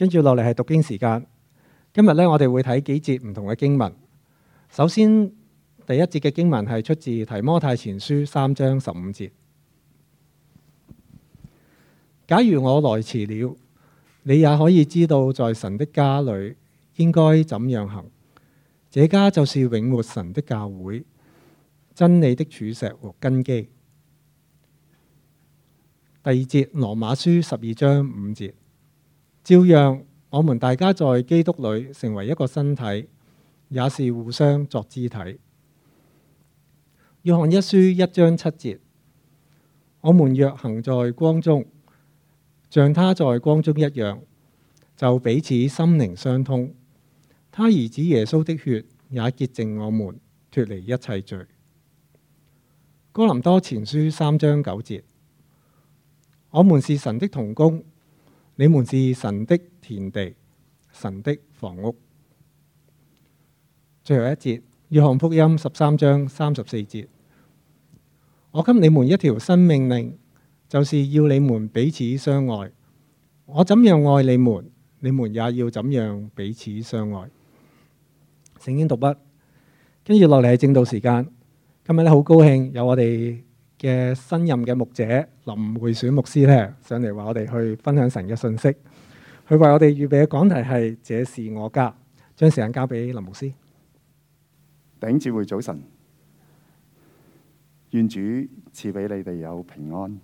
跟住落嚟係讀經時間。今日呢，我哋會睇幾節唔同嘅經文。首先，第一節嘅經文係出自提摩太前書三章十五節。假如我來遲了，你也可以知道在神的家裏應該怎樣行。這家就是永活神的教會，真理的柱石和根基。第二節，羅馬書十二章五節。照樣我們大家在基督裏成為一個身體，也是互相作肢體。約翰一書一章七節，我們若行在光中，像他在光中一樣，就彼此心靈相通。他兒子耶穌的血也潔淨我們，脱離一切罪。哥林多前書三章九節，我們是神的同工。你們是神的田地，神的房屋。最後一節，約翰福音十三章三十四節。我給你們一條新命令，就是要你們彼此相愛。我怎樣愛你們，你們也要怎樣彼此相愛。聖經讀畢，跟住落嚟係正道時間。今日咧好高興有我哋嘅新任嘅牧者林會選牧師咧上嚟話，我哋去分享神嘅信息。佢為我哋預備嘅講題係：，這是我家。將時間交俾林牧師。弟兄姊妹早晨，願主賜俾你哋有平安。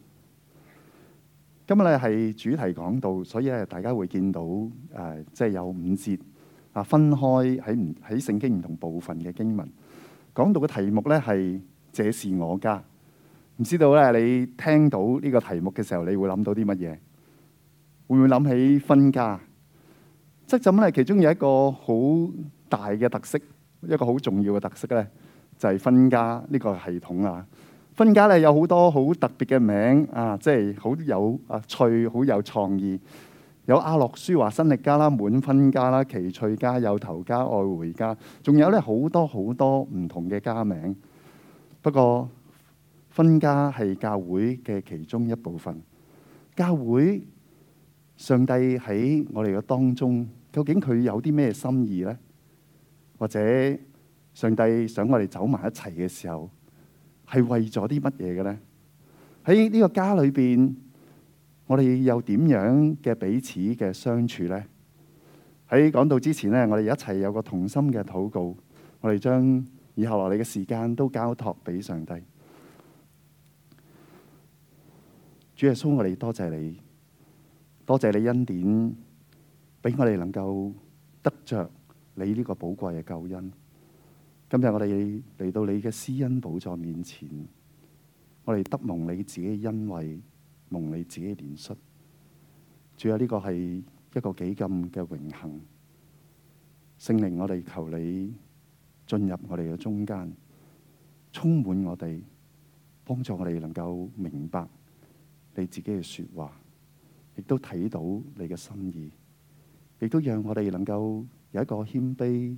今日咧係主題講道，所以咧大家會見到誒，即、呃、係、就是、有五節啊，分開喺唔喺聖經唔同部分嘅經文講到嘅題目咧係：，這是我家。唔知道咧，你聽到呢個題目嘅時候，你會諗到啲乜嘢？會唔會諗起分家？即係咁咧，其中有一個好大嘅特色，一個好重要嘅特色咧，就係、是、分家呢個系統啦。分家咧有好多好特別嘅名啊，即係好有啊趣，好有創意。有阿諾舒華新力家啦、滿分家啦、奇趣家、有頭家、愛回家，仲有咧好多好多唔同嘅家名。不過，分家係教會嘅其中一部分。教會上帝喺我哋嘅當中，究竟佢有啲咩心意呢？或者上帝想我哋走埋一齊嘅時候，係為咗啲乜嘢嘅呢？喺呢個家裏邊，我哋有點樣嘅彼此嘅相處呢？喺講到之前咧，我哋一齊有個同心嘅禱告。我哋將以後來嚟嘅時間都交託俾上帝。主耶穌，我哋多謝你，多謝你恩典，俾我哋能夠得着你呢個寶貴嘅救恩。今日我哋嚟到你嘅施恩寶座面前，我哋得蒙你自己恩惠，蒙你自己憐恤。主啊，呢、呢個係一個幾咁嘅榮幸。聖靈，我哋求你進入我哋嘅中間，充滿我哋，幫助我哋能夠明白。你自己嘅說話，亦都睇到你嘅心意，亦都讓我哋能夠有一個謙卑、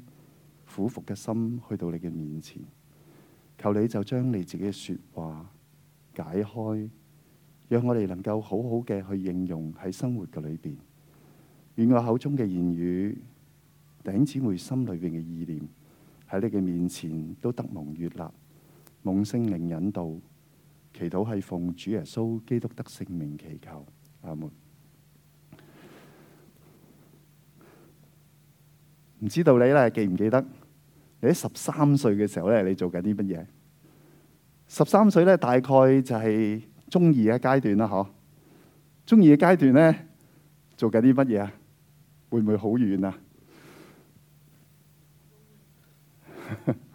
俯伏嘅心去到你嘅面前。求你就將你自己嘅說話解開，讓我哋能夠好好嘅去應用喺生活嘅裏邊，願我口中嘅言語，頂止回心裏邊嘅意念，喺你嘅面前都得蒙悅納，蒙聖靈引導。祈禱係奉主耶穌基督得聖名祈求阿門。唔知道你咧記唔記得？你喺十三歲嘅時候咧，你做緊啲乜嘢？十三歲咧，大概就係中二嘅階段啦，嗬？中二嘅階段咧，做緊啲乜嘢啊？會唔會好遠啊？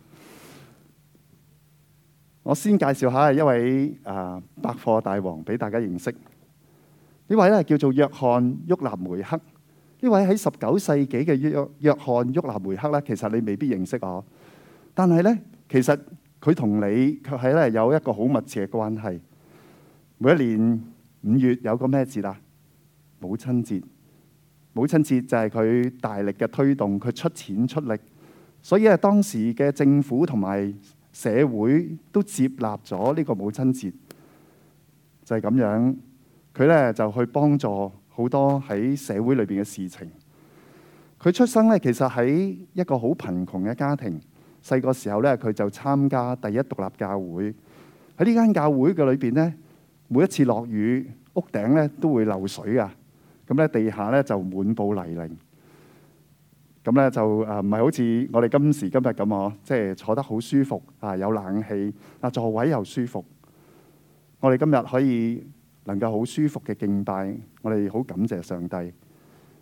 我先介紹一下一位啊百貨大王俾大家認識。位呢位咧叫做約翰沃納梅克。呢位喺十九世紀嘅約約翰沃納梅克咧，其實你未必認識我，但係咧其實佢同你卻係咧有一個好密切嘅關係。每一年五月有個咩節啦？母親節。母親節就係佢大力嘅推動，佢出錢出力，所以咧當時嘅政府同埋。社會都接納咗呢個母親節，就係咁樣。佢呢就去幫助好多喺社會裏邊嘅事情。佢出生呢，其實喺一個好貧窮嘅家庭，細個時候呢，佢就參加第一獨立教會。喺呢間教會嘅裏邊呢，每一次落雨屋頂呢都會漏水㗎，咁呢，地下呢就滿布泥濘。咁咧就誒唔係好似我哋今時今日咁啊，即係坐得好舒服啊，有冷氣啊，座位又舒服。我哋今日可以能夠好舒服嘅敬拜，我哋好感謝上帝。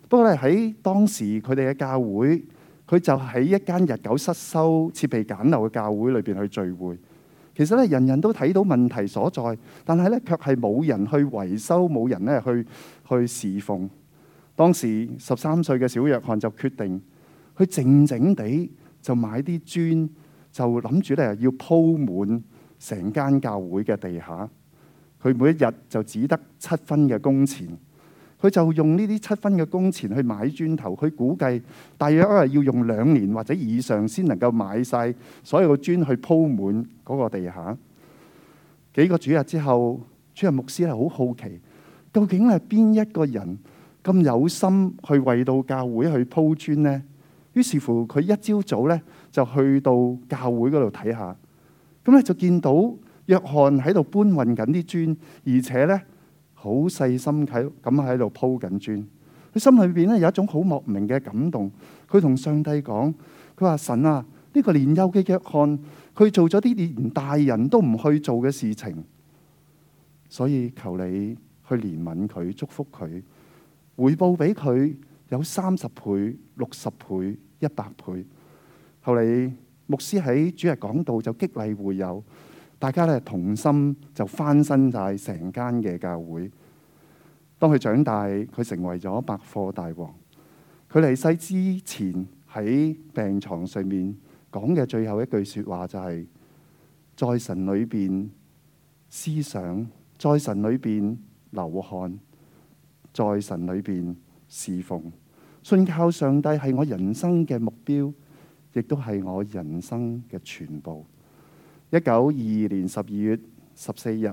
不過咧喺當時佢哋嘅教會，佢就喺一間日久失修、設備簡陋嘅教會裏面去聚會。其實咧人人都睇到問題所在，但係咧卻係冇人去維修，冇人咧去去侍奉。當時十三歲嘅小約翰就決定。佢靜靜地就買啲磚，就諗住咧要鋪滿成間教會嘅地下。佢每一日就只得七分嘅工錢，佢就用呢啲七分嘅工錢去買磚頭。佢估計，大約啊要用兩年或者以上先能夠買晒所有嘅磚去鋪滿嗰個地下。幾個主日之後，主日牧師係好好奇，究竟係邊一個人咁有心去為到教會去鋪磚呢？於是乎他，佢一朝早咧就去到教會嗰度睇下，咁咧就見到約翰喺度搬運緊啲磚，而且咧好細心喺咁喺度鋪緊磚。佢心裏邊咧有一種好莫名嘅感動。佢同上帝講：佢話神啊，呢、呢個年幼嘅約翰，佢做咗啲連大人都唔去做嘅事情，所以求你去憐憫佢，祝福佢，回報俾佢。有三十倍、六十倍、一百倍。後來牧師喺主日講道，就激勵會友，大家咧同心就翻身晒成間嘅教會。當佢長大，佢成為咗百貨大王。佢離世之前喺病床上面講嘅最後一句說話就係、是：在神裏面思想，在神裏面流汗，在神裏面侍奉。信靠上帝係我人生嘅目標，亦都係我人生嘅全部。一九二二年十二月十四日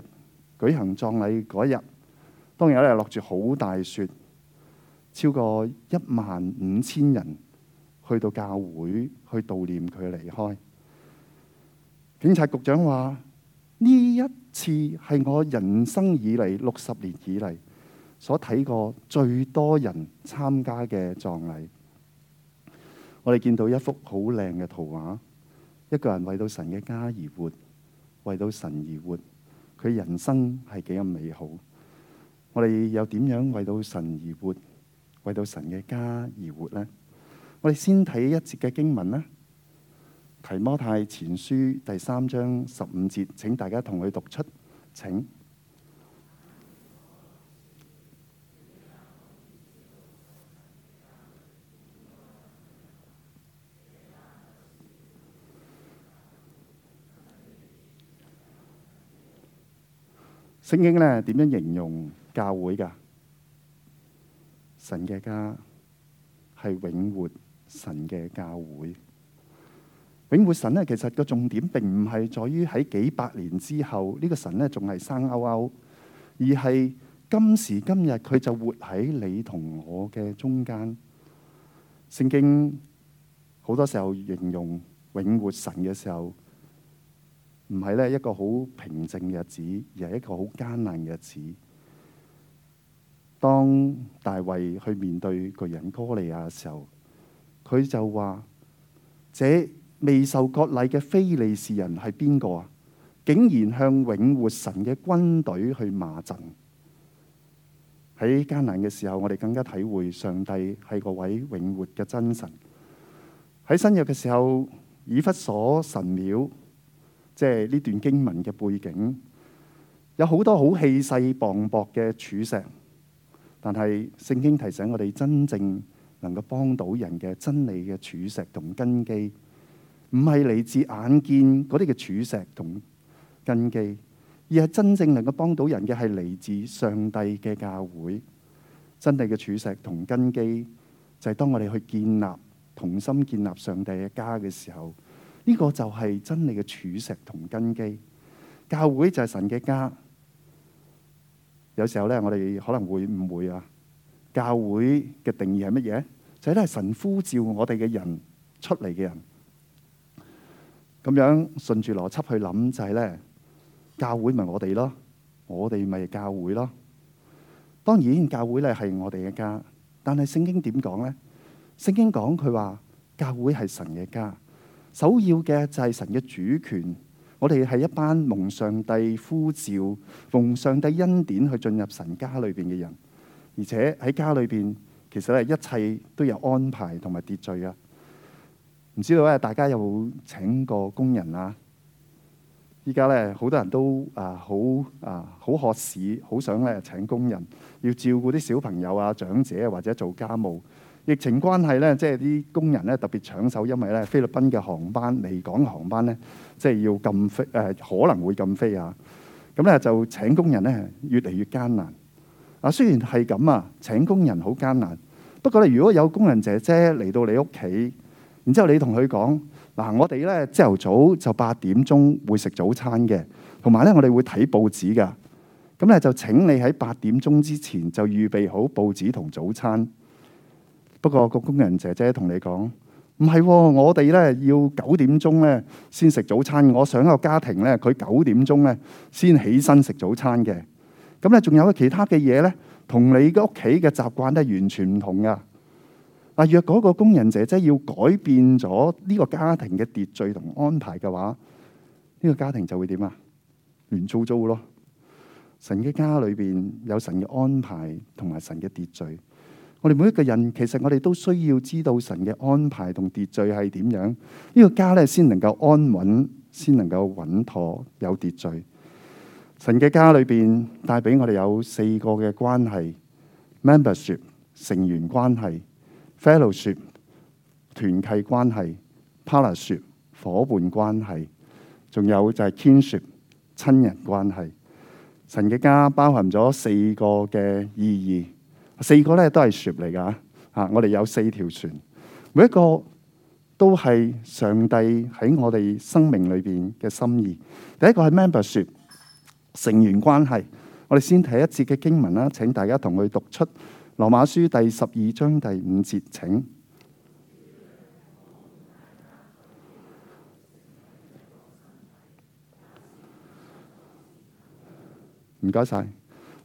舉行葬禮嗰日，當日落住好大雪，超過一萬五千人去到教會去悼念佢離開。警察局長話：呢一次係我人生以嚟六十年以嚟所睇過最多人參加嘅葬禮，我哋見到一幅好靚嘅圖畫，一個人為到神嘅家而活，為到神而活，佢人生係幾咁美好。我哋又點樣為到神而活，為到神嘅家而活呢？我哋先睇一節嘅經文啦，《提摩太前書》第三章十五節，請大家同佢讀出，請。聖經咧點樣形容教會㗎？神嘅家係永活神嘅教會，永活神咧其實個重點並唔係在於喺幾百年之後，呢個神咧仲係生勾勾，而係今時今日，佢就活喺你同我嘅中間。聖經好多時候形容永活神嘅時候。唔係咧一個好平靜嘅日子，而係一個好艱難嘅日子。當大衛去面對巨人哥利亞嘅時候，佢就話：「這未受割禮嘅非利士人係邊個啊？竟然向永活神嘅軍隊去罵陣。」喺艱難嘅時候，我哋更加體會上帝係個位永活嘅真神。喺新約嘅時候，以弗所神廟。即係呢段經文嘅背景，有好多好氣勢磅礴嘅柱石，但係聖經提醒我哋，真正能夠幫到人嘅真理嘅柱石同根基，唔係嚟自眼見嗰啲嘅柱石同根基，而係真正能夠幫到人嘅係嚟自上帝嘅教會，真理嘅柱石同根基就係、是、當我哋去建立、同心建立上帝嘅家嘅時候。呢個就係真理嘅柱石同根基，教會就係神嘅家。有時候咧，我哋可能會誤會啊。教會嘅定義係乜嘢？就係咧神呼召我哋嘅人出嚟嘅人。咁樣順住邏輯去諗就係咧，教會咪我哋咯，我哋咪教會咯。當然教會咧係我哋嘅家，但係聖經點講咧？聖經講佢話教會係神嘅家。首要嘅就係神嘅主權，我哋係一班蒙上帝呼召、奉上帝恩典去進入神家裏邊嘅人，而且喺家裏邊其實咧一切都有安排同埋秩序啊！唔知道咧大家有冇請過工人啊？依家咧好多人都啊好啊好渴市，好想咧請工人要照顧啲小朋友啊、長者或者做家務。疫情關係咧，即係啲工人咧特別搶手，因為咧菲律賓嘅航班離港航班咧，即係要禁飛，誒、呃、可能會禁飛啊！咁咧就請工人咧越嚟越艱難。啊，雖然係咁啊，請工人好艱難。不過咧，如果有工人姐姐嚟到你屋企，然之後你同佢講嗱，我哋咧朝頭早就八點鐘會食早餐嘅，同埋咧我哋會睇報紙嘅。咁咧就請你喺八點鐘之前就預備好報紙同早餐。不過個工人姐姐同你講，唔係、啊，我哋呢要九點鐘呢先食早餐。我上一個家庭呢，佢九點鐘呢先起身食早餐嘅。咁咧仲有其他嘅嘢呢？同你嘅屋企嘅習慣都係完全唔同噶。嗱，若果個工人姐姐要改變咗呢個家庭嘅秩序同安排嘅話，呢、呢個家庭就會點啊？亂糟糟咯。神嘅家裏邊有神嘅安排同埋神嘅秩序。我哋每一個人，其實我哋都需要知道神嘅安排同秩序係點樣，呢、這個家咧先能夠安穩，先能夠穩妥有秩序。神嘅家裏邊帶俾我哋有四個嘅關係：membership 成員關係、fellowship 團契關係、partnership 伙伴關係，仲有就係 kinship 親人關係。神嘅家包含咗四個嘅意義。四個咧都係 ship 嚟噶，啊！我哋有四條船，每一個都係上帝喺我哋生命裏邊嘅心意。第一個係 membership，成員關係。我哋先睇一節嘅經文啦，請大家同佢讀出《羅馬書》第十二章第五節，請。唔該晒。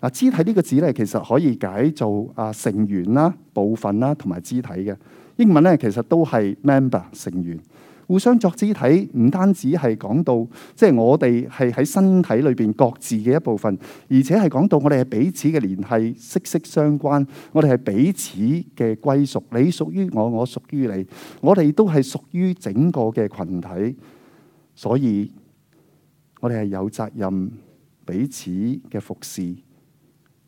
啊！肢體呢個字咧，其實可以解做啊成員啦、部分啦，同埋肢體嘅英文呢，其實都係 member 成員。互相作肢體，唔單止係講到即係我哋係喺身體裏邊各自嘅一部分，而且係講到我哋係彼此嘅聯繫，息息相關。我哋係彼此嘅歸屬，你屬於我，我屬於你，我哋都係屬於整個嘅群體。所以我哋係有責任彼此嘅服侍。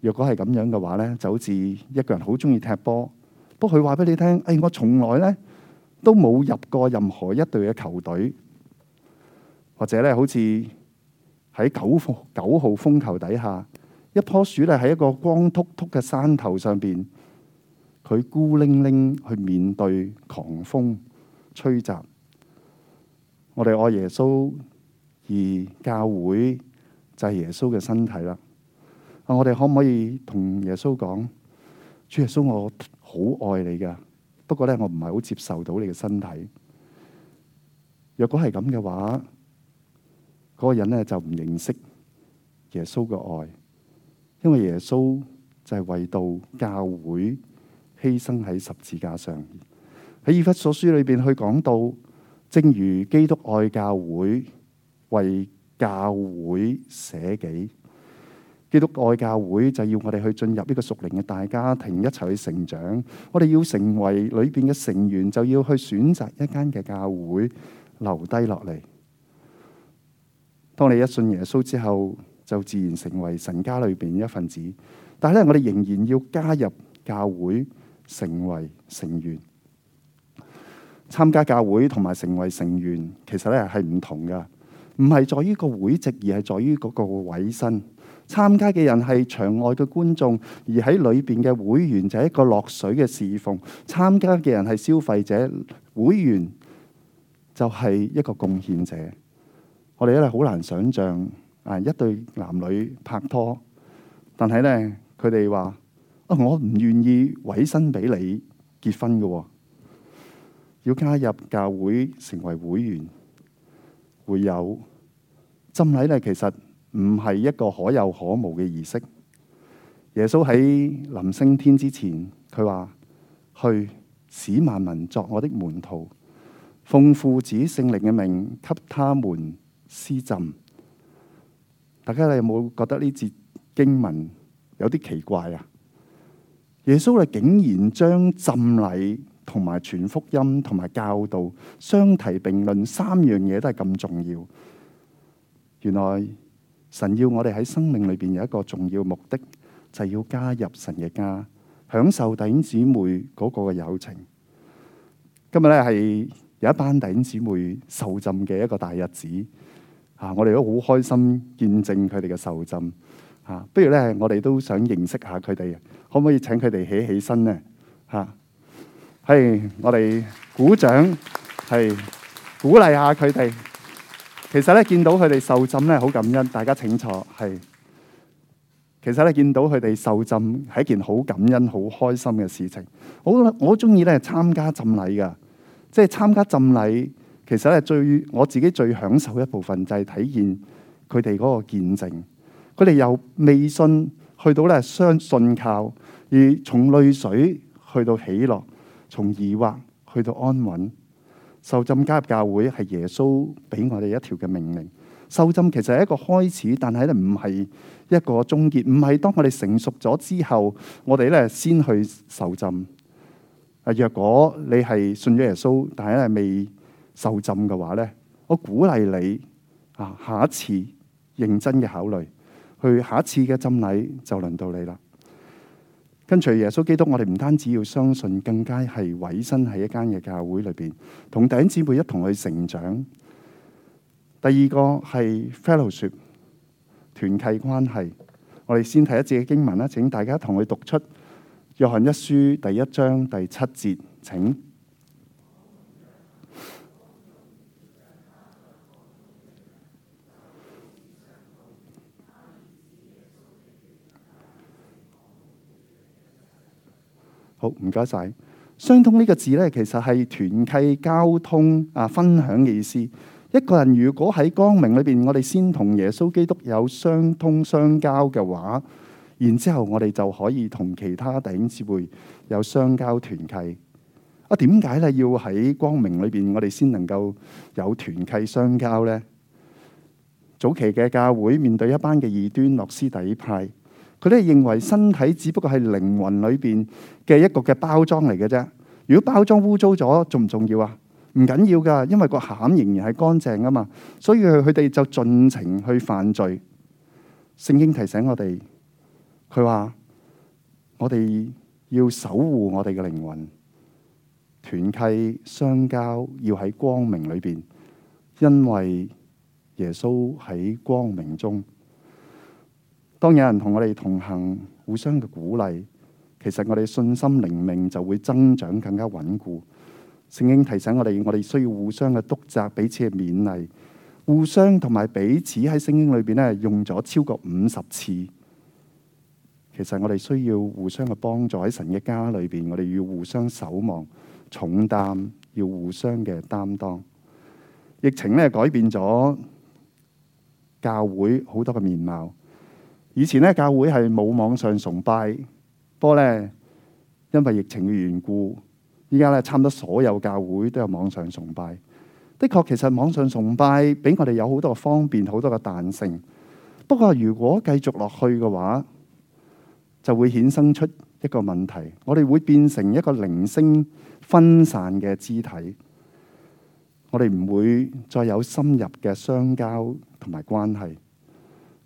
若果係咁樣嘅話咧，就好似一個人好中意踢波，不過佢話俾你聽，誒，我從來咧都冇入過任何一隊嘅球隊，或者咧好似喺九號九號風球底下，一棵樹咧喺一個光禿禿嘅山頭上邊，佢孤零零去面對狂風吹襲。我哋愛耶穌，而教會就係耶穌嘅身體啦。我哋可唔可以同耶穌講，主耶穌，我好愛你噶。不過咧，我唔係好接受到你嘅身體。若果係咁嘅話，嗰個人咧就唔認識耶穌嘅愛，因為耶穌就係為到教會犧牲喺十字架上。喺以弗所書裏邊，去講到，正如基督愛教會，為教會捨己。基督愛教會就要我哋去進入呢個屬靈嘅大家庭，一齊去成長。我哋要成為裏邊嘅成員，就要去選擇一間嘅教會留低落嚟。當你一信耶穌之後，就自然成為神家裏邊嘅一份子。但係咧，我哋仍然要加入教會成為成員，參加教會同埋成為成員其實咧係唔同噶，唔係在於個會籍，而係在於嗰個委身。參加嘅人係場外嘅觀眾，而喺裏邊嘅會員就係一個落水嘅侍奉。參加嘅人係消費者，會員就係一個貢獻者。我哋真係好難想像啊！一對男女拍拖，但係咧佢哋話：啊，我唔願意委身俾你結婚嘅，要加入教會成為會員，會有浸禮咧。其實。唔係一個可有可無嘅儀式。耶穌喺臨升天之前，佢話去使萬民作我的門徒，奉父子聖靈嘅名，給他們施浸。大家你有冇覺得呢節經文有啲奇怪啊？耶穌啊，竟然將浸禮同埋傳福音同埋教導相提並論，三樣嘢都係咁重要。原來。神要我哋喺生命裏邊有一個重要目的，就係要加入神嘅家，享受弟兄姊妹嗰個嘅友情。今日咧係有一班弟兄姊妹受浸嘅一個大日子，啊！我哋都好開心見證佢哋嘅受浸。啊，不如咧我哋都想認識下佢哋，可唔可以請佢哋起起身呢？吓，係我哋鼓掌，係鼓勵下佢哋。其實咧見到佢哋受浸咧好感恩，大家請坐。係，其實咧見到佢哋受浸係一件好感恩、好開心嘅事情。我我中意咧參加浸禮噶，即係參加浸禮，其實咧最我自己最享受的一部分就係體現佢哋嗰個見證。佢哋由未信去到咧相信靠，而從淚水去到喜樂，從疑惑去到安穩。受浸加入教會係耶穌俾我哋一條嘅命令。受浸其實係一個開始，但係咧唔係一個終結，唔係當我哋成熟咗之後，我哋咧先去受浸。啊，若果你係信咗耶穌，但係咧未受浸嘅話咧，我鼓勵你啊，下一次認真嘅考慮，去下一次嘅浸禮就輪到你啦。跟隨耶穌基督，我哋唔單止要相信，更加係委身喺一間嘅教會裏面，同弟兄姊妹一同去成長。第二個係 fellowship 團契關係，我哋先睇一節嘅經文啦。請大家同佢讀出《約翰一書》第一章第七節。請。好，唔該晒。相通呢個字呢，其實係團契、交通啊、分享嘅意思。一個人如果喺光明裏邊，我哋先同耶穌基督有相通相交嘅話，然之後我哋就可以同其他弟兄姊妹有相交團契。啊，點解咧要喺光明裏邊，我哋先能夠有團契相交呢？早期嘅教會面對一班嘅異端諾斯底派。佢哋認為身體只不過係靈魂裏邊嘅一個嘅包裝嚟嘅啫。如果包裝污糟咗，重唔重要啊？唔緊要㗎，因為個餡仍然係乾淨吖嘛。所以佢哋就盡情去犯罪。聖經提醒我哋，佢話：我哋要守護我哋嘅靈魂，團契相交要喺光明裏邊，因為耶穌喺光明中。當有人同我哋同行，互相嘅鼓勵，其實我哋信心靈命就會增長更加穩固。聖經提醒我哋，我哋需要互相嘅督責，彼此嘅勉勵，互相同埋彼此喺聖經裏邊咧用咗超過五十次。其實我哋需要互相嘅幫助喺神嘅家裏邊，我哋要互相守望、重擔，要互相嘅擔當。疫情咧改變咗教會好多嘅面貌。以前咧教會係冇網上崇拜，不過咧因為疫情嘅緣故，依家咧差唔多所有教會都有網上崇拜。的確，其實網上崇拜俾我哋有好多方便，好多嘅彈性。不過如果繼續落去嘅話，就會衍生出一個問題，我哋會變成一個零星分散嘅肢體，我哋唔會再有深入嘅相交同埋關係。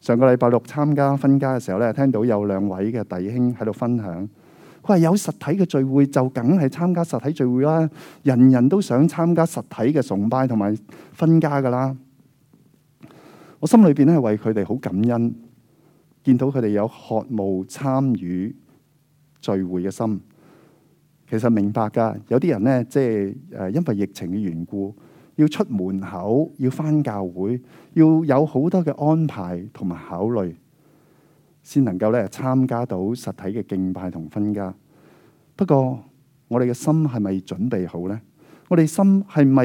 上個禮拜六參加分家嘅時候咧，聽到有兩位嘅弟兄喺度分享，佢話有實體嘅聚會就梗係參加實體聚會啦，人人都想參加實體嘅崇拜同埋分家噶啦。我心裏邊咧係為佢哋好感恩，見到佢哋有渴慕參與聚會嘅心。其實明白㗎，有啲人咧即係誒因為疫情嘅緣故。要出門口，要翻教會，要有好多嘅安排同埋考慮，先能夠咧參加到實體嘅敬拜同分家。不過我哋嘅心係咪準備好呢？我哋心係咪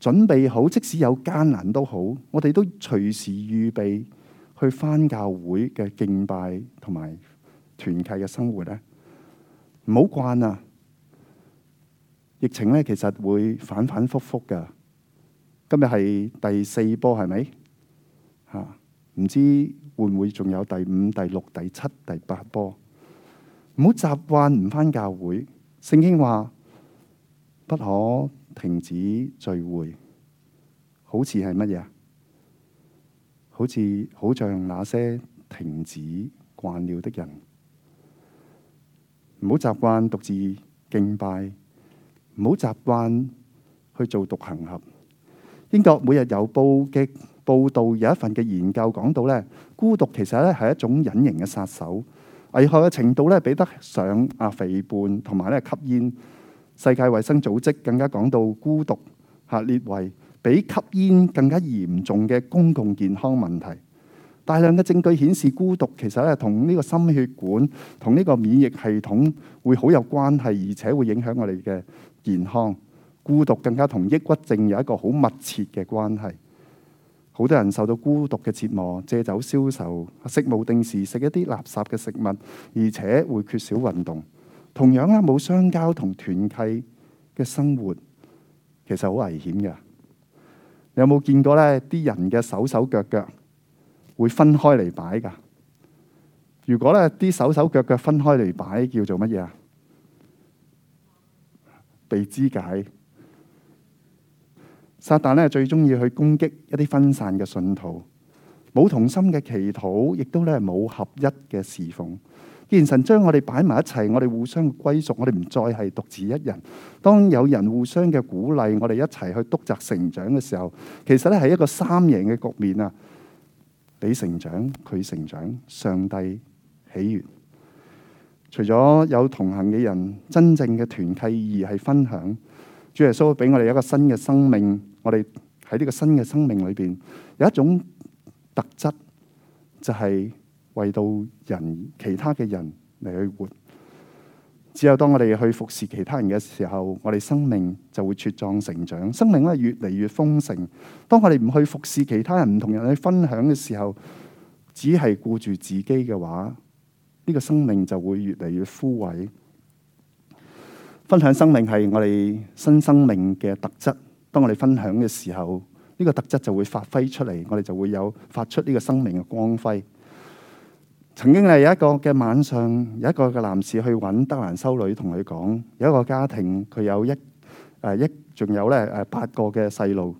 準備好？即使有艱難都好，我哋都隨時預備去翻教會嘅敬拜同埋團契嘅生活呢？唔好慣啊！疫情咧其實會反反复覆噶。今日係第四波，係咪吓？唔知會唔會仲有第五、第六、第七、第八波？唔好習慣唔返教會。聖經話不可停止聚會，好似係乜嘢啊？好似好像那些停止慣了的人，唔好習慣獨自敬拜，唔好習慣去做獨行俠。英國每日郵報嘅報道，有一份嘅研究講到咧，孤獨其實咧係一種隱形嘅殺手，危害嘅程度咧比得上啊肥胖同埋咧吸煙。世界衞生組織更加講到孤獨嚇、啊、列為比吸煙更加嚴重嘅公共健康問題。大量嘅證據顯示，孤獨其實咧同呢個心血管同呢個免疫系統會好有關係，而且會影響我哋嘅健康。孤獨更加同抑鬱症有一個好密切嘅關係，好多人受到孤獨嘅折磨，借酒消愁，食冇定時，食一啲垃圾嘅食物，而且會缺少運動。同樣咧，冇相交同團契嘅生活，其實好危險嘅。你有冇見過呢啲人嘅手手腳腳會分開嚟擺㗎？如果呢啲手手腳腳分開嚟擺，叫做乜嘢啊？被肢解。撒旦咧最中意去攻擊一啲分散嘅信徒，冇同心嘅祈禱，亦都咧冇合一嘅侍奉。既然神將我哋擺埋一齊，我哋互相歸屬，我哋唔再係獨自一人。當有人互相嘅鼓勵，我哋一齊去督責成長嘅時候，其實咧係一個三贏嘅局面啊！你成長，佢成長，上帝喜悅。除咗有同行嘅人，真正嘅團契意義係分享。主耶穌俾我哋一個新嘅生命，我哋喺呢個新嘅生命裏邊，有一種特質，就係為到人，其他嘅人嚟去活只有當我哋去服侍其他人嘅時候，我哋生命就會茁壯成長，生命咧越嚟越豐盛。當我哋唔去服侍其他人，唔同人去分享嘅時候，只係顧住自己嘅話，呢個生命就會越嚟越枯萎。分享生命係我哋新生命嘅特質。當我哋分享嘅時候，呢個特質就會發揮出嚟，我哋就會有發出呢個生命嘅光輝。曾經係有一個嘅晚上，有一個嘅男士去搵德蘭修女同佢講：「有一個家庭，佢有一誒一，仲有咧誒八個嘅細路，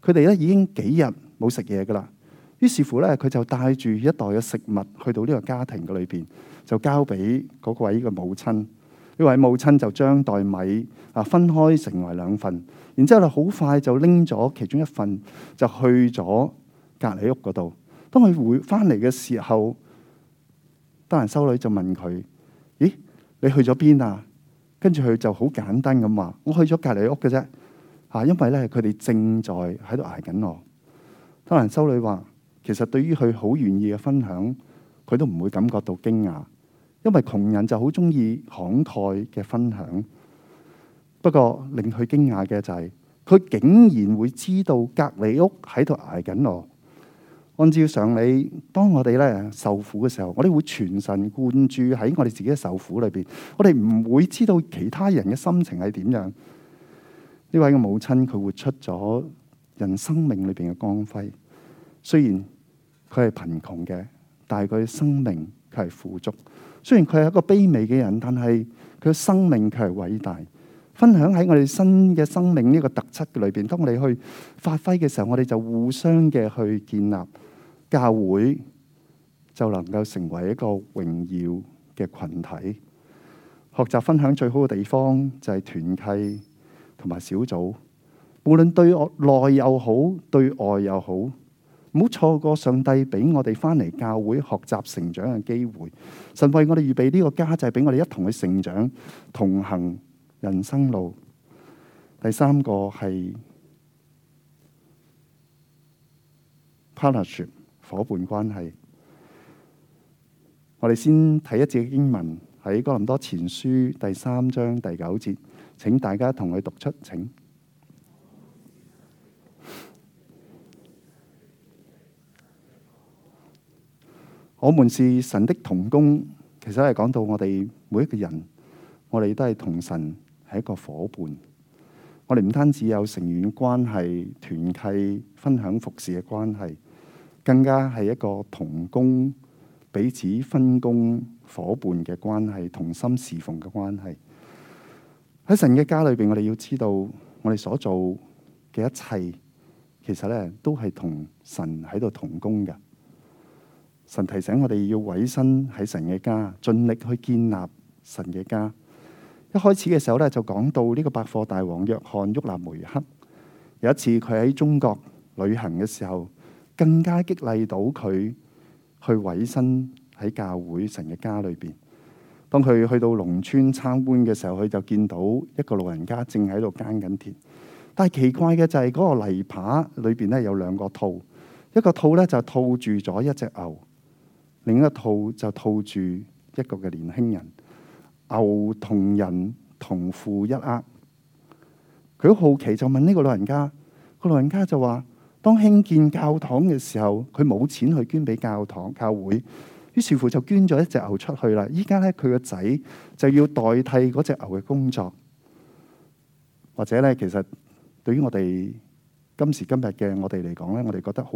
佢哋咧已經幾日冇食嘢噶啦。於是乎咧，佢就帶住一袋嘅食物去到呢個家庭嘅裏邊，就交俾嗰位嘅母親。呢位母親就將袋米啊分開成為兩份，然之後咧好快就拎咗其中一份就去咗隔離屋嗰度。當佢回翻嚟嘅時候，德蘭修女就問佢：「咦，你去咗邊啊？」跟住佢就好簡單咁話：「我去咗隔離屋嘅啫。」嚇，因為咧佢哋正在喺度捱緊我。德蘭修女話：「其實對於佢好願意嘅分享，佢都唔會感覺到驚訝。」因為窮人就好中意慷慨嘅分享。不過令佢驚訝嘅就係佢竟然會知道隔籬屋喺度捱緊我。按照常理，當我哋咧受苦嘅時候，我哋會全神貫注喺我哋自己嘅受苦裏邊，我哋唔會知道其他人嘅心情係點樣。呢位嘅母親佢活出咗人生命裏邊嘅光輝，雖然佢係貧窮嘅，但係佢嘅生命佢係富足。雖然佢係一個卑微嘅人，但係佢嘅生命卻係偉大。分享喺我哋新嘅生命呢個特質嘅裏邊，當你去發揮嘅時候，我哋就互相嘅去建立教會，就能夠成為一個榮耀嘅群體。學習分享最好嘅地方就係團契同埋小組，無論對內又好，對外又好。唔好錯過上帝俾我哋翻嚟教會學習成長嘅機會，神為我哋預備呢個家就係、是、俾我哋一同去成長、同行人生路。第三個係 partnership 伙伴關係。我哋先睇一節經文，喺哥林多前書第三章第九節，請大家同佢讀出，請。我們是神的同工，其實係講到我哋每一個人，我哋都係同神係一個伙伴。我哋唔單止有成員關係、團契、分享、服侍嘅關係，更加係一個同工、彼此分工、伙伴嘅關係、同心侍奉嘅關係。喺神嘅家裏邊，我哋要知道，我哋所做嘅一切，其實咧都係同神喺度同工嘅。神提醒我哋要委身喺神嘅家，盡力去建立神嘅家。一開始嘅時候咧，就講到呢個百貨大王約翰·沃納梅克。有一次佢喺中國旅行嘅時候，更加激勵到佢去委身喺教會神嘅家裏邊。當佢去到農村參觀嘅時候，佢就見到一個老人家正喺度耕緊田。但係奇怪嘅就係嗰個泥耙裏邊咧有兩個套，一個套咧就套住咗一隻牛。另一套就套住一個嘅年輕人，牛同人同父一呃。佢好奇就問呢個老人家，個老人家就話，當興建教堂嘅時候，佢冇錢去捐俾教堂、教會，於是乎就捐咗一隻牛出去啦。依家咧，佢個仔就要代替嗰隻牛嘅工作，或者咧，其實對於我哋今時今日嘅我哋嚟講咧，我哋覺得好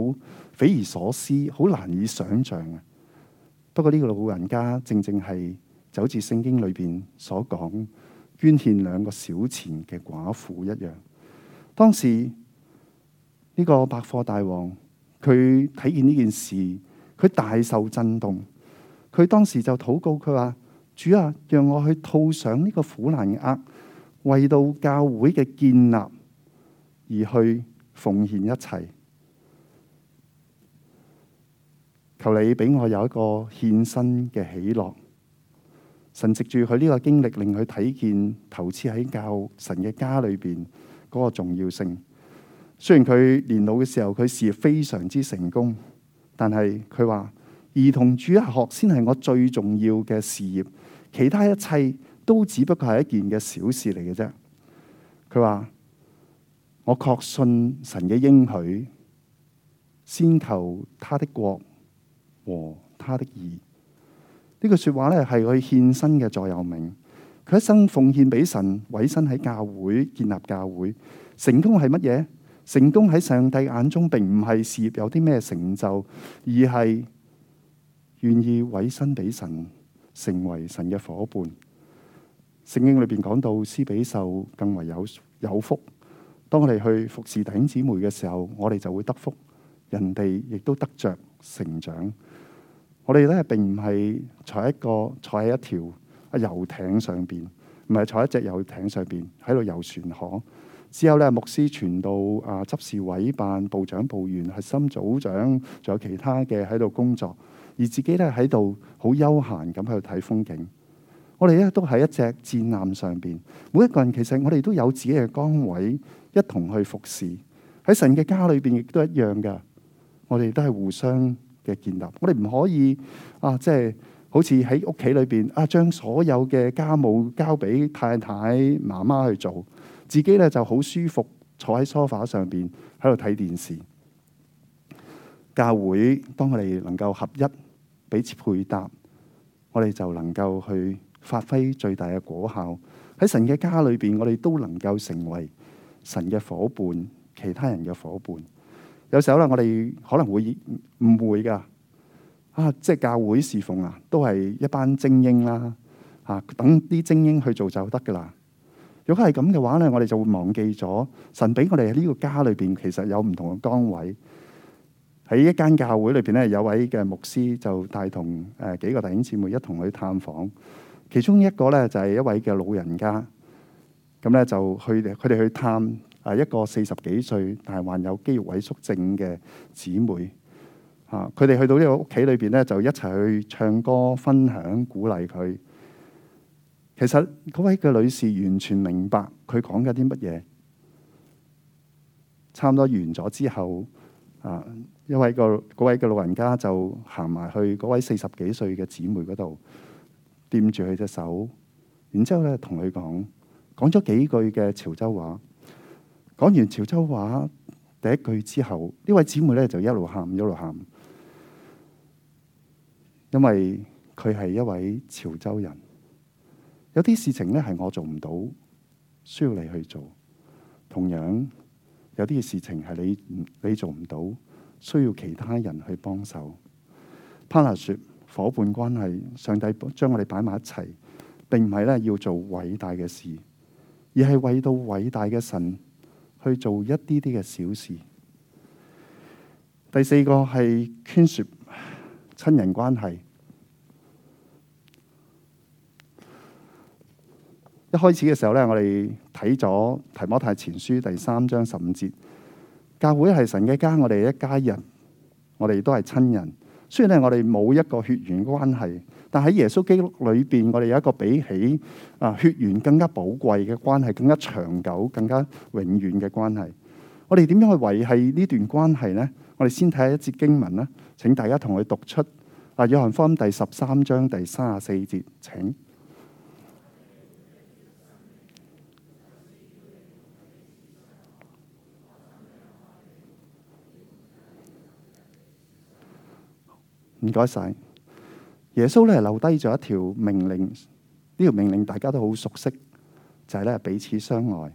匪夷所思，好難以想像。不過呢個老人家正正係就好似聖經裏邊所講捐獻兩個小錢嘅寡婦一樣。當時呢個百貨大王佢睇見呢件事，佢大受震動。佢當時就禱告佢話：主啊，讓我去套上呢個苦難嘅軛，為到教會嘅建立而去奉獻一切。求你俾我有一個獻身嘅喜樂。神藉住佢呢個經歷，令佢睇見投資喺教神嘅家裏邊嗰個重要性。雖然佢年老嘅時候，佢事業非常之成功，但係佢話兒童主日學先係我最重要嘅事業，其他一切都只不過係一件嘅小事嚟嘅啫。佢話我確信神嘅應許，先求他的國。和他的意呢句，這個，說話呢，係佢獻身嘅座右銘。佢一生奉獻俾神，委身喺教會，建立教會。成功係乜嘢？成功喺上帝眼中，並唔係事業有啲咩成就，而係願意委身俾神，成為神嘅夥伴。聖經裏邊講到，施比受更為有有福。當我哋去服侍弟兄姊妹嘅時候，我哋就會得福，人哋亦都得着成長。我哋呢並唔係坐在一個，坐喺一條啊遊艇上邊，唔係坐在一隻遊艇上邊喺度遊船河。之後呢，牧師傳道啊、執事、委辦、部長、部員、核心組長，仲有其他嘅喺度工作，而自己呢喺度好悠閒咁喺度睇風景。我哋呢都喺一隻戰艦上邊，每一個人其實我哋都有自己嘅崗位，一同去服侍。喺神嘅家裏邊，亦都一樣㗎。我哋都係互相嘅建立，我哋唔可以啊，即係好似喺屋企裏邊啊，將所有嘅家務交俾太太、媽媽去做，自己咧就好舒服，坐喺梳化上邊喺度睇電視。教會，當我哋能夠合一、彼此配搭，我哋就能夠去發揮最大嘅果效。喺神嘅家裏邊，我哋都能夠成為神嘅夥伴，其他人嘅夥伴。有時候咧，我哋可能會誤會噶啊？即係教會侍奉啊，都係一班精英啦，嚇！等啲精英去做就得噶啦。如果係咁嘅話咧，我哋就會忘記咗神俾我哋喺呢個家裏邊，其實有唔同嘅崗位。喺一間教會裏邊咧，有位嘅牧師就帶同誒幾個弟兄姊妹一同去探訪，其中一個咧就係一位嘅老人家，咁咧就去佢哋去探。啊！一個四十幾歲，但係患有肌肉萎縮症嘅姊妹啊！佢哋去到個家裡呢個屋企裏邊咧，就一齊去唱歌、分享、鼓勵佢。其實嗰位嘅女士完全明白佢講緊啲乜嘢。差唔多完咗之後啊，一位個嗰位嘅老人家就行埋去嗰位四十幾歲嘅姊妹嗰度，掂住佢隻手，然之後咧同佢講講咗幾句嘅潮州話。講完潮州話第一句之後，呢位姊妹咧就一路喊一路喊，因為佢係一位潮州人。有啲事情咧係我做唔到，需要你去做；同樣有啲事情係你你做唔到，需要其他人去幫手。Partner 說：伙伴關係，上帝將我哋擺埋一齊，並唔係咧要做偉大嘅事，而係為到偉大嘅神。去做一啲啲嘅小事。第四個係牽涉親人關係。一開始嘅時候咧，我哋睇咗提摩太前書第三章十五節，教會係神嘅家，我哋一家人，我哋都係親人。雖然我哋冇一個血緣關係，但喺耶穌基督裏邊，我哋有一個比起啊血緣更加寶貴嘅關係，更加長久、更加永遠嘅關係。我哋點樣去維係呢段關係呢？我哋先睇一節經文啦。請大家同佢讀出《啊約翰福音》第十三章第三十四節。請。唔該晒，耶穌咧留低咗一條命令，呢條命令大家都好熟悉，就係咧彼此相愛。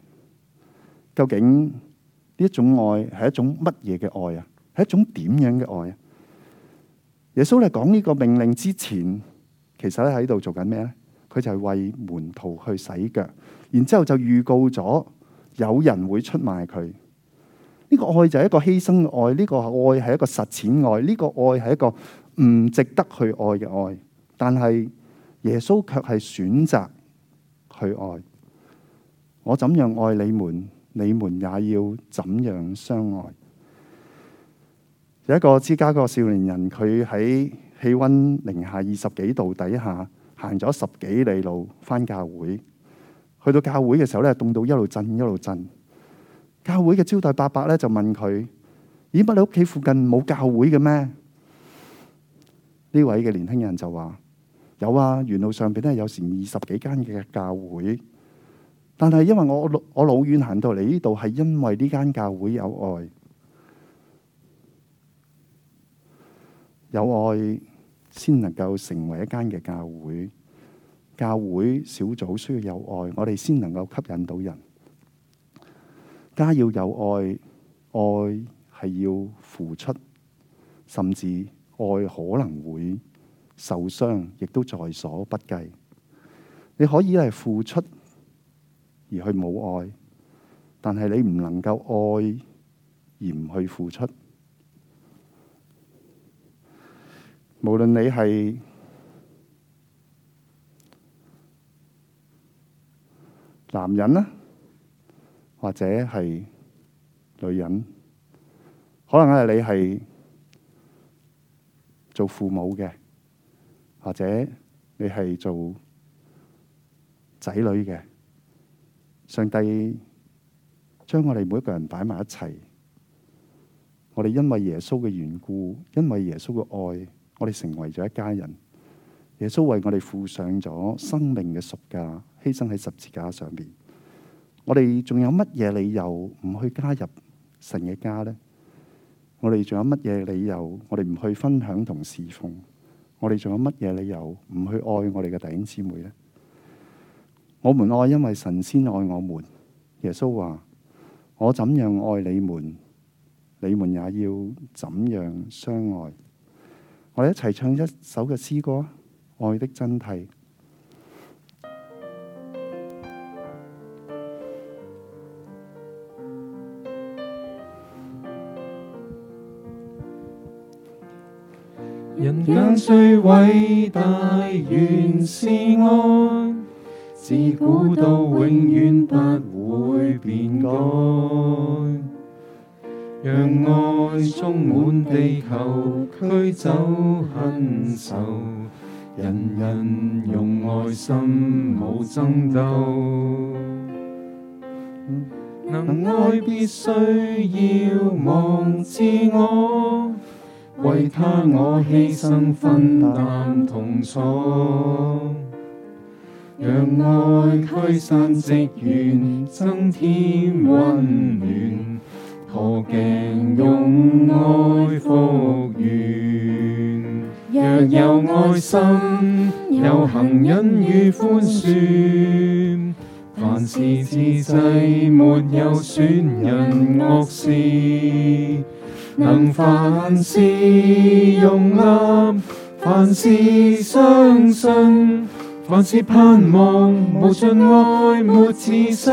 究竟呢一種愛係一種乜嘢嘅愛啊？係一種點樣嘅愛啊？耶穌咧講呢個命令之前，其實咧喺度做緊咩咧？佢就係為門徒去洗腳，然之後就預告咗有人會出賣佢。呢個愛就係一個犧牲嘅愛，呢個愛係一個實踐愛，呢個愛係一個唔值得去愛嘅愛，但係耶穌卻係選擇去愛。我怎樣愛你們，你們也要怎樣相愛。有一個芝加哥少年人，佢喺氣溫零下二十幾度底下行咗十幾里路返教會。去到教會嘅時候呢，凍到一路震一路震。教會嘅招待伯伯呢，就問佢：咦，乜你屋企附近冇教會嘅咩？呢位嘅年輕人就話：有啊，沿路上邊都係有時二十幾間嘅教會，但係因為我我老遠行到嚟呢度係因為呢間教會有愛，有愛先能夠成為一間嘅教會。教會小組需要有愛，我哋先能夠吸引到人。家要有愛，愛係要付出，甚至。愛可能會受傷，亦都在所不計。你可以係付出，而去冇愛，但係你唔能夠愛而唔去付出。無論你係男人啦，或者係女人，可能係你係。做父母嘅，或者你係做仔女嘅，上帝將我哋每一個人擺埋一齊。我哋因為耶穌嘅緣故，因為耶穌嘅愛，我哋成為咗一家人。耶穌為我哋付上咗生命嘅贖價，犧牲喺十字架上面。我哋仲有乜嘢理由唔去加入神嘅家呢？我哋仲有乜嘢理由？我哋唔去分享同侍奉？我哋仲有乜嘢理由唔去愛我哋嘅弟兄姊妹呢？我們愛，因為神先愛我們。耶穌話：我怎樣愛你們，你們也要怎樣相愛。我哋一齊唱一首嘅詩歌《愛的真諦》。人間最偉大，原是愛，自古到永遠不會變改。讓愛充滿地球，驅走恨愁，人人用愛心無爭鬥。能愛，必須要忘自我。為他我犧牲分擔痛楚，讓愛驅散積怨，增添溫暖，破鏡用愛復原，若有愛心，有恆忍與寬恕，凡事自制，沒有損人惡事。能凡事容納，凡事相信，凡事盼望，無盡愛沒止息。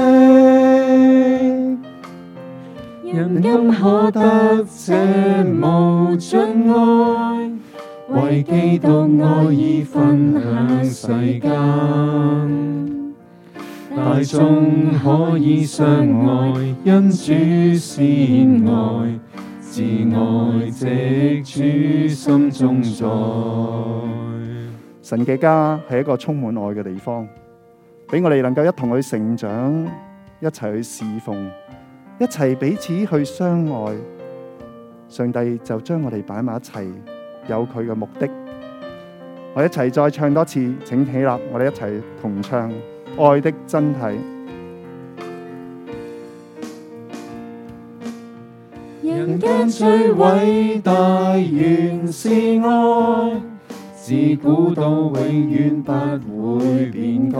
人間可得這無盡愛，為基督愛意分享世間，大眾可以相愛，因主先愛。自愛直主心中在，神嘅家係一個充滿愛嘅地方，俾我哋能夠一同去成長，一齊去侍奉，一齊彼此去相愛。上帝就將我哋擺埋一齊，有佢嘅目的。我一齊再唱多次，請起立，我哋一齊同唱《愛的真諦》。人間最偉大，原是愛，自古到永遠不會變改。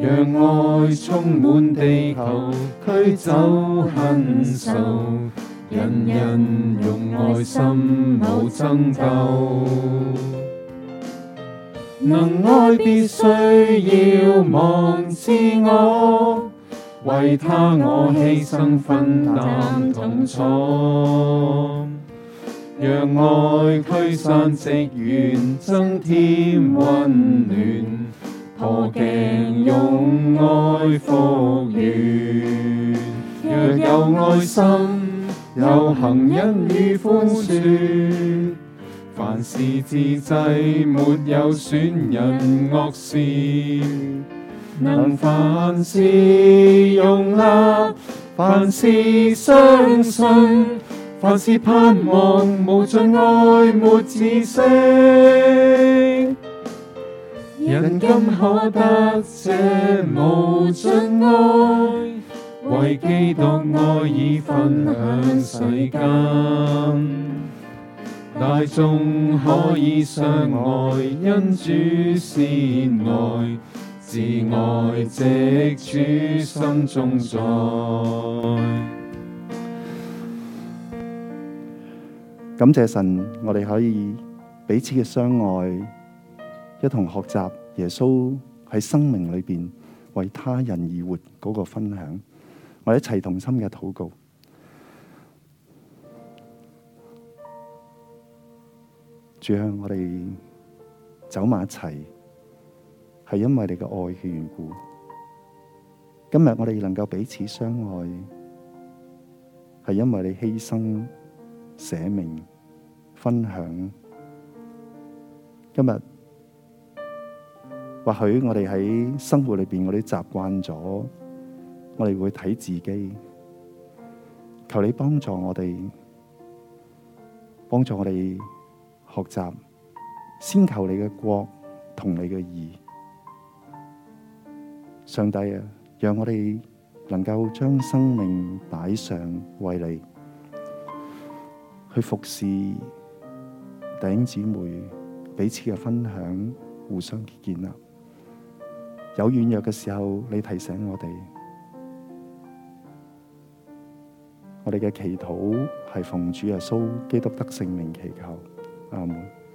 讓愛充滿地球，驅走恨仇，人人用愛心，無爭鬥。能愛必須要忘自我。為他我犧牲分擔痛楚，讓愛驅散積怨，增添溫暖，破鏡用愛復原。若有愛心，有行恩與寬恕，凡事自制，沒有損人惡事。能凡事容納，凡事相信，凡事盼望，無盡愛沒止息。人今可得這無盡愛，為基督愛已分享世間，大眾可以相愛，因主先愛。自愛直主心中在，感謝神，我哋可以彼此嘅相愛，一同學習耶穌喺生命裏邊為他人而活嗰個分享，我哋一齊同心嘅禱告，主向我哋走埋一齊。係因為你嘅愛嘅緣故，今日我哋能夠彼此相愛，係因為你犧牲、捨命、分享。今日或許我哋喺生活裏邊，我哋習慣咗，我哋會睇自己。求你幫助我哋，幫助我哋學習。先求你嘅國同你嘅義。上帝啊，讓我哋能夠將生命擺上為你，去服侍弟兄姊妹，彼此嘅分享，互相建立。有軟弱嘅時候，你提醒我哋。我哋嘅祈禱係奉主耶穌基督得聖名祈求，阿門。